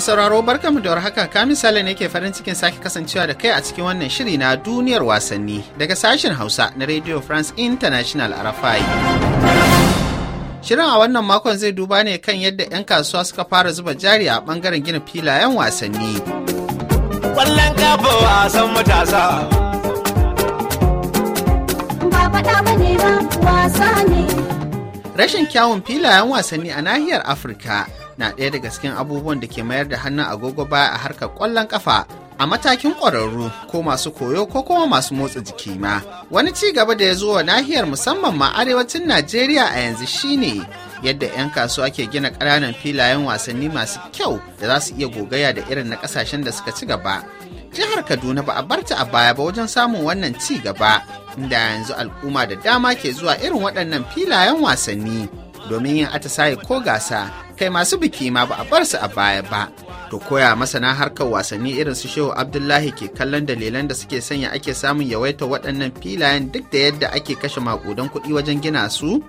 Mai sauraro barkanmu da warhaka ka misali ne ke farin cikin sake kasancewa da kai a cikin wannan shiri na duniyar wasanni daga sashen Hausa na Radio France International RFI. Shirin a wannan makon zai duba ne kan yadda 'yan kasuwa suka fara zuba jari a bangaren gina filayen wasanni. Rashin kyawun filayen wasanni a nahiyar Afirka na ɗaya daga cikin abubuwan da ke mayar da hannun agogo baya a harkar ƙwallon ƙafa a matakin ƙwararru ko masu koyo ko kuma masu motsa jiki ma wani ci gaba da ya zo wa nahiyar musamman ma arewacin najeriya a yanzu shine yadda 'yan kasuwa ke gina ƙananan filayen wasanni masu kyau da za su iya gogaya da irin na ƙasashen da suka ci gaba jihar kaduna ba a barta a baya ba wajen samun wannan ci gaba inda yanzu al'umma da dama ke zuwa irin waɗannan filayen wasanni domin yin atisaye ko gasa kai masu biki ma ba a bar su a baya ba to koya masana harkar wasanni irin su shehu abdullahi ke kallon dalilan da suke sanya ake samun yawaitar waɗannan filayen duk da yadda ake kashe makudan kuɗi wajen gina su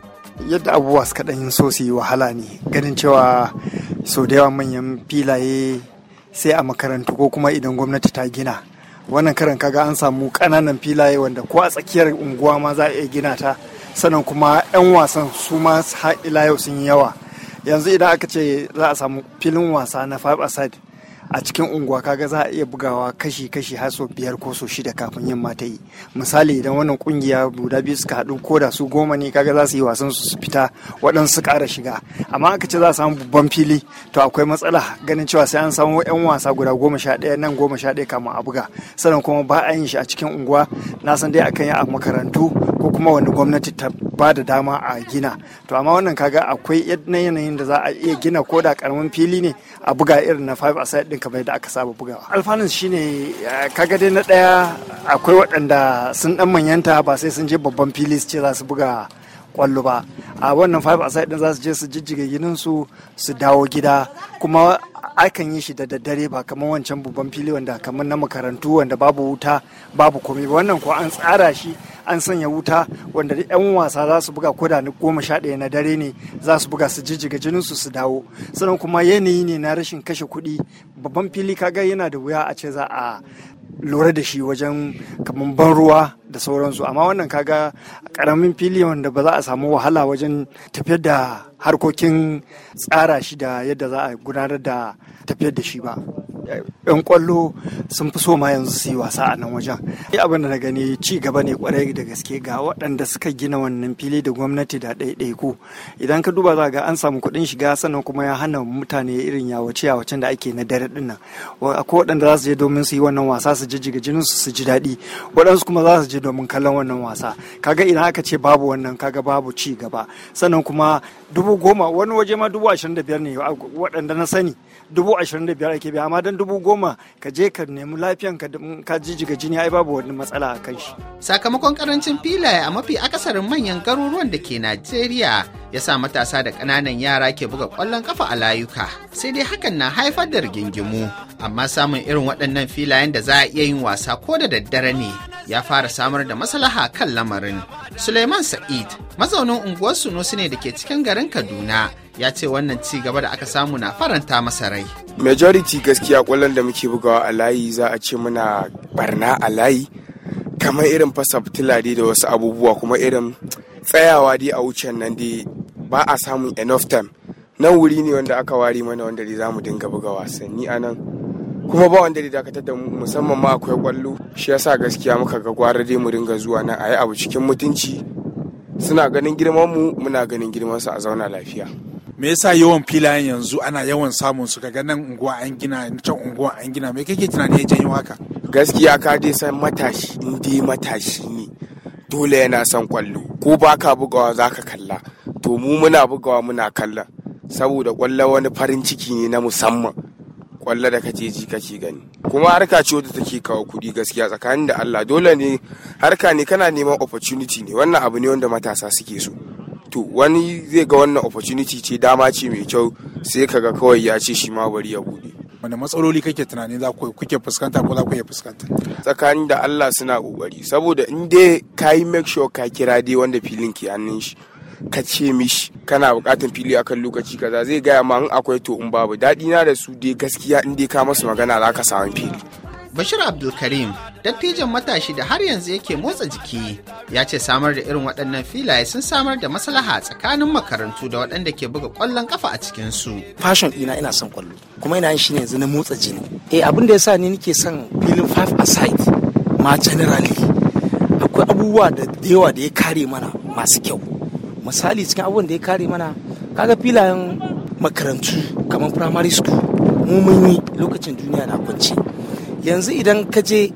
yadda abubuwa suka ɗan so su yi wahala ne ganin cewa sau da yawa manyan filaye sai a makarantu ko kuma idan gwamnati ta gina wannan karan kaga an samu ƙananan filaye wanda ko a tsakiyar unguwa ma za a iya gina ta sannan kuma 'yan wasan su ma ila yau sun yi yawa yanzu idan aka ce za a samu filin wasa na five aside a cikin unguwa kaga za a iya bugawa kashi-kashi har sau biyar ko sau shida kafin yin ta yi misali idan wannan kungiya guda biyu suka haɗu ko da su goma ne kaga za su yi wasan su fita waɗansu su ƙara shiga amma aka ce za a samu babban fili to akwai matsala ganin cewa sai an samu 'yan wasa guda goma sha ɗaya nan goma sha ɗaya kama a buga sannan kuma ba a yin shi a cikin unguwa na san dai akan yi a makarantu ko kuma wani gwamnati ta ba da dama a gina to amma wannan kaga akwai yadda yanayin da za a iya gina ko da karamin fili ne a buga irin na five aside din kamar yadda aka saba bugawa alfanun shine eh, kaga dai na daya akwai waɗanda sun dan manyanta ba sai sun je babban fili su ce za su buga kwallo ba a wannan five aside din za su je su jijjiga ginin su su dawo gida kuma akan yi shi da daddare ba kamar wancan babban fili wanda kamar na makarantu wanda babu wuta babu komai ba wannan ko an tsara shi an sanya wuta wanda yan wasa za su buga koda na goma sha ɗaya na dare ne za su buga su jijjiga jinin su su dawo sannan kuma yanayi ne na rashin kashe kuɗi babban fili kaga yana da wuya a ce za a lura da shi wajen kamar ban ruwa da sauransu amma wannan kaga karamin fili wanda ba za a samu wahala wajen tafiyar da harkokin tsara shi da yadda za a gudanar da tafiyar da shi ba. 'yan kwallo sun fi so ma yanzu su yi wasa a nan wajen abin da na gani ci gaba ne kwarai da gaske ga waɗanda suka gina wannan fili da gwamnati da ɗaiɗaiku idan ka duba za ga an samu kuɗin shiga sannan kuma ya hana mutane irin yawace yawacen da ake na dare ɗin nan akwai waɗanda za su je domin su yi wannan wasa su jijjiga jinin su su ji daɗi waɗansu kuma za su je domin kallon wannan wasa kaga idan aka ce babu wannan kaga babu ci gaba sannan kuma dubu goma wani waje ma dubu ashirin da biyar ne waɗanda na sani dubu ashirin da biyar ake biya amma don dubu goma ka je ka nemi lafiyan ka jiga jini ai babu wani matsala a kan shi. Sakamakon karancin filaye a mafi akasarin manyan garuruwan da ke Najeriya ya sa matasa da ƙananan yara ke buga ƙwallon ƙafa a layuka sai dai hakan na haifar da rigingimu amma samun irin waɗannan filayen da za a iya yin wasa ko da daddare ne ya fara samar da maslaha kan lamarin. Suleiman Sa'id mazaunin unguwar Sunusi ne da ke cikin garin Kaduna ya ce wannan ci gaba da aka samu na faranta masa rai. Majority gaskiya kwallon da muke bugawa a layi za a ce muna barna a layi kamar irin fasa dai da wasu abubuwa kuma irin tsayawa dai a wucen nan dai ba a samun enough time. Nan wuri ne wanda aka ware mana wanda dai za mu dinga buga wasanni a nan. kuma ba wanda da dakatar da mu musamman ma akwai kwallo shi yasa gaskiya muka ga gwara dai mu ringa zuwa a yi abu cikin mutunci suna ganin girman mu muna ganin girman su a zauna lafiya me yasa yawan filayen yanzu ana yawan samun su Ka nan unguwa an gina can unguwa an gina me kake tunani ya janyo haka gaskiya ka dai san matashi in dai matashi ne dole yana son kwallo ko baka bugawa zaka kalla to mu muna bugawa muna kalla saboda kwallo wani farin ciki ne na musamman kwallo da kake ji kake gani kuma harka ce wadda take kawo kuɗi gaskiya tsakanin da Allah dole ne harka ne kana neman opportunity ne wannan abu ne wanda matasa suke so to wani zai ga wannan opportunity ce dama ce mai kyau sai kaga kawai ya ce shi ma bari ya bude wani matsaloli kake tunanin za ku kuke fuskanta ko za ku iya fuskanta tsakanin da Allah suna kokari saboda in dai ka yi make sure ka kira dai wanda filin ke hannun shi ka ce mishi kana bukatan fili akan lokaci kaza zai gaya ma in akwai to in babu daɗi na da su dai gaskiya in dai ka masu magana za ka samu fili Bashir Abdulkarim, dattijan matashi da har yanzu yake motsa jiki, ya ce samar da irin waɗannan filaye sun samar da maslaha tsakanin makarantu da waɗanda ke buga ƙwallon ƙafa a su. Fashon ɗina ina son ƙwallo, kuma ina yin shi ne yanzu na motsa jini. Eh abin da ya sa ni nake son filin five aside ma generally. Akwai abubuwa da yawa da ya kare mana masu kyau. misali cikin abubuwan da ya kare mana kaga filayen makarantu kamar primary school mu mun yi lokacin duniya na kwanci yanzu idan ka je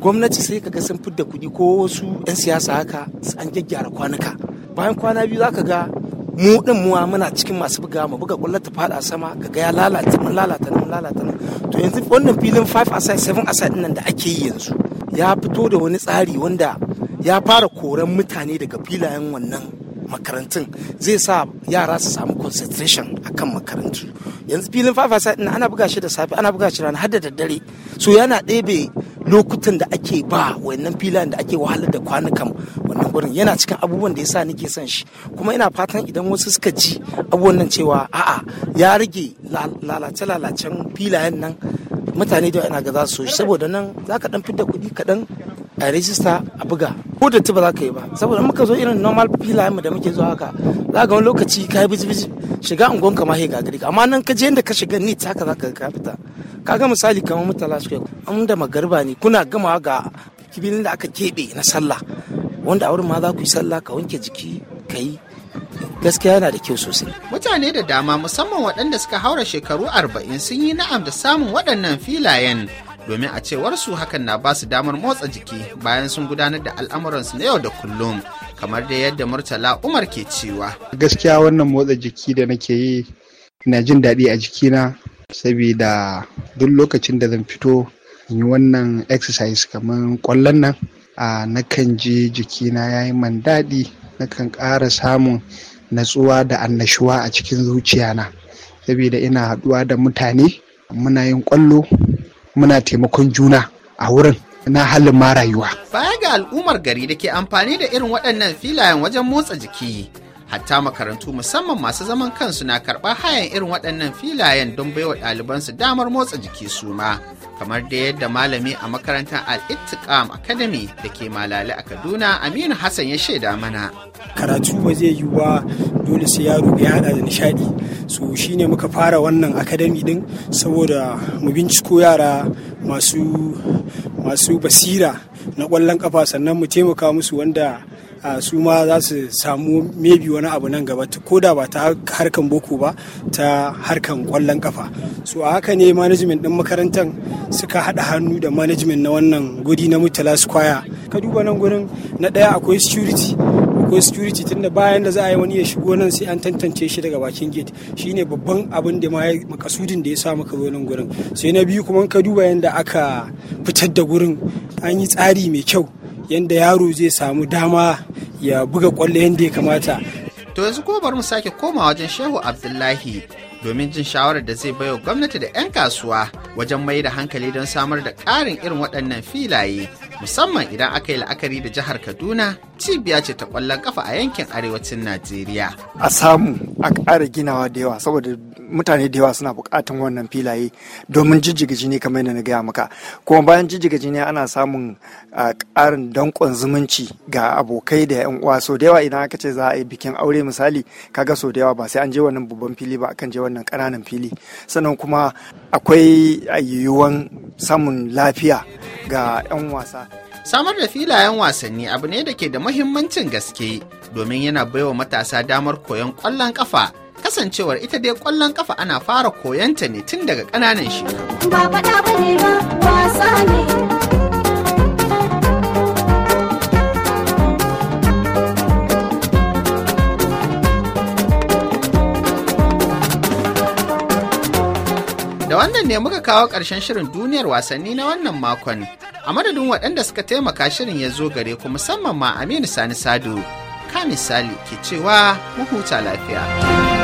gwamnati sai ka sun fidda kuɗi ko wasu 'yan siyasa haka an gyaggyara kwanuka bayan kwana biyu za ka ga mu din muwa muna cikin masu buga mu buga kwallo ta fada sama ka ga ya lalata mun lalata mun lalata to yanzu wannan filin 5 aside 7 aside nan da ake yi yanzu ya fito da wani tsari wanda ya fara koran mutane daga filayen wannan makarantun zai sa yara su samu concentration kan makarantu yanzu filin fafasa ina ana buga shi da safe ana buga shi rana har da daddare so yana ɗebe lokutan da ake ba wannan filayen da ake wahalar da kwanukan wannan gurin yana cikin abubuwan da ya yasa nake son shi kuma ina fatan idan wasu suka ji abubuwan nan cewa a'a ya rage lalace-lalacen filayen nan mutane da yana ga za su saboda nan za ka dan fidda kuɗi kaɗan a rijista a buga ko da ba za ka yi ba saboda muka zo irin normal filayen mu da muke zuwa haka za ga wani lokaci ka yi bizi shiga unguwan ka ma he gagari amma nan ka je inda ka shiga ni ka za ka ka fita ga misali kamar mutala square an da magarba ne kuna gama ga kibilin da aka keɓe na sallah wanda a wurin ma za ku yi sallah ka wanke jiki ka yi gaskiya yana da kyau sosai. Mutane da dama musamman waɗanda suka haura shekaru arba'in sun yi na'am da samun waɗannan filayen domin a cewar su hakan na basu damar motsa jiki bayan sun gudanar da al'amuransu na yau da kullum kamar da yadda murtala umar ke cewa gaskiya wannan motsa jiki da nake yi na jin daɗi a jikina saboda duk lokacin da zan fito in yi wannan exercise kamar kwallon nan a nakan ji jikina ya yi man daɗi nakan ƙara samun natsuwa da annashuwa a cikin zuciyana saboda ina haɗuwa da mutane muna yin ƙwallo muna taimakon juna a wurin na halin ma rayuwa. Baya ga al'ummar gari da ke amfani da irin waɗannan filayen wajen motsa jiki, hatta makarantu musamman masu zaman kansu na karɓar hayan irin waɗannan filayen don baiwa ɗalibansu damar motsa jiki su ma. kamar da yadda malami a makarantar al-ittiqam academy da ke malale a kaduna aminu hassan ya shaida mana karatu ba zai yi wa dole sai yaro ya hada da nishadi so shine muka fara wannan academy din saboda mu binciko yara masu masu basira na kwallon kafa sannan mu taimaka musu wanda su ma za su samu maybe wani abu nan gaba ko da ba ta harkan boko ba ta harkan kwallon kafa so a haka ne management din makarantar suka haɗa hannu da management na wannan gudi na mutala square ka duba nan gurin na ɗaya akwai security akwai security tunda bayan da za a yi wani ya shigo nan sai an tantance shi daga bakin gate shine babban abin da ma makasudin da ya sa muka zo nan gurin sai na biyu kuma ka duba yadda aka fitar da gurin an yi tsari mai kyau yadda yaro zai samu dama ya buga kwallo yadda ya kamata to yanzu kuma bari mu sake koma wajen shehu abdullahi domin jin shawarar da zai baiwa gwamnati da 'yan kasuwa wajen mai da hankali don samar da ƙarin irin waɗannan filaye musamman idan aka yi la'akari da jihar kaduna cibiya ce ta ƙwallon kafa a yankin arewacin najeriya a samu a ƙara ginawa da yawa saboda mutane da yawa suna bukatan wannan filaye domin jijjiga jini kamar yadda na gaya maka kuma bayan jijjiga jini ana samun ƙarin dankon zumunci ga abokai da yan uwa so da yawa idan aka ce za a yi bikin aure misali kaga so da yawa ba sai an je wannan babban fili ba akan je wannan kananan fili sannan kuma akwai yiwuwan samun lafiya ga yan wasa samar da filayen wasanni abu ne da ke da muhimmancin gaske domin yana baiwa matasa damar koyon kwallon kafa. kasancewar ita dai kwallon kafa ana fara koyanta ne tun daga ƙananan shekaru. Da wannan ne muka kawo ƙarshen shirin duniyar wasanni na wannan makon. A madadin waɗanda suka taimaka shirin ya zo gare ku musamman ma Aminu Sani Sadu. ka misali ke cewa mu huta lafiya.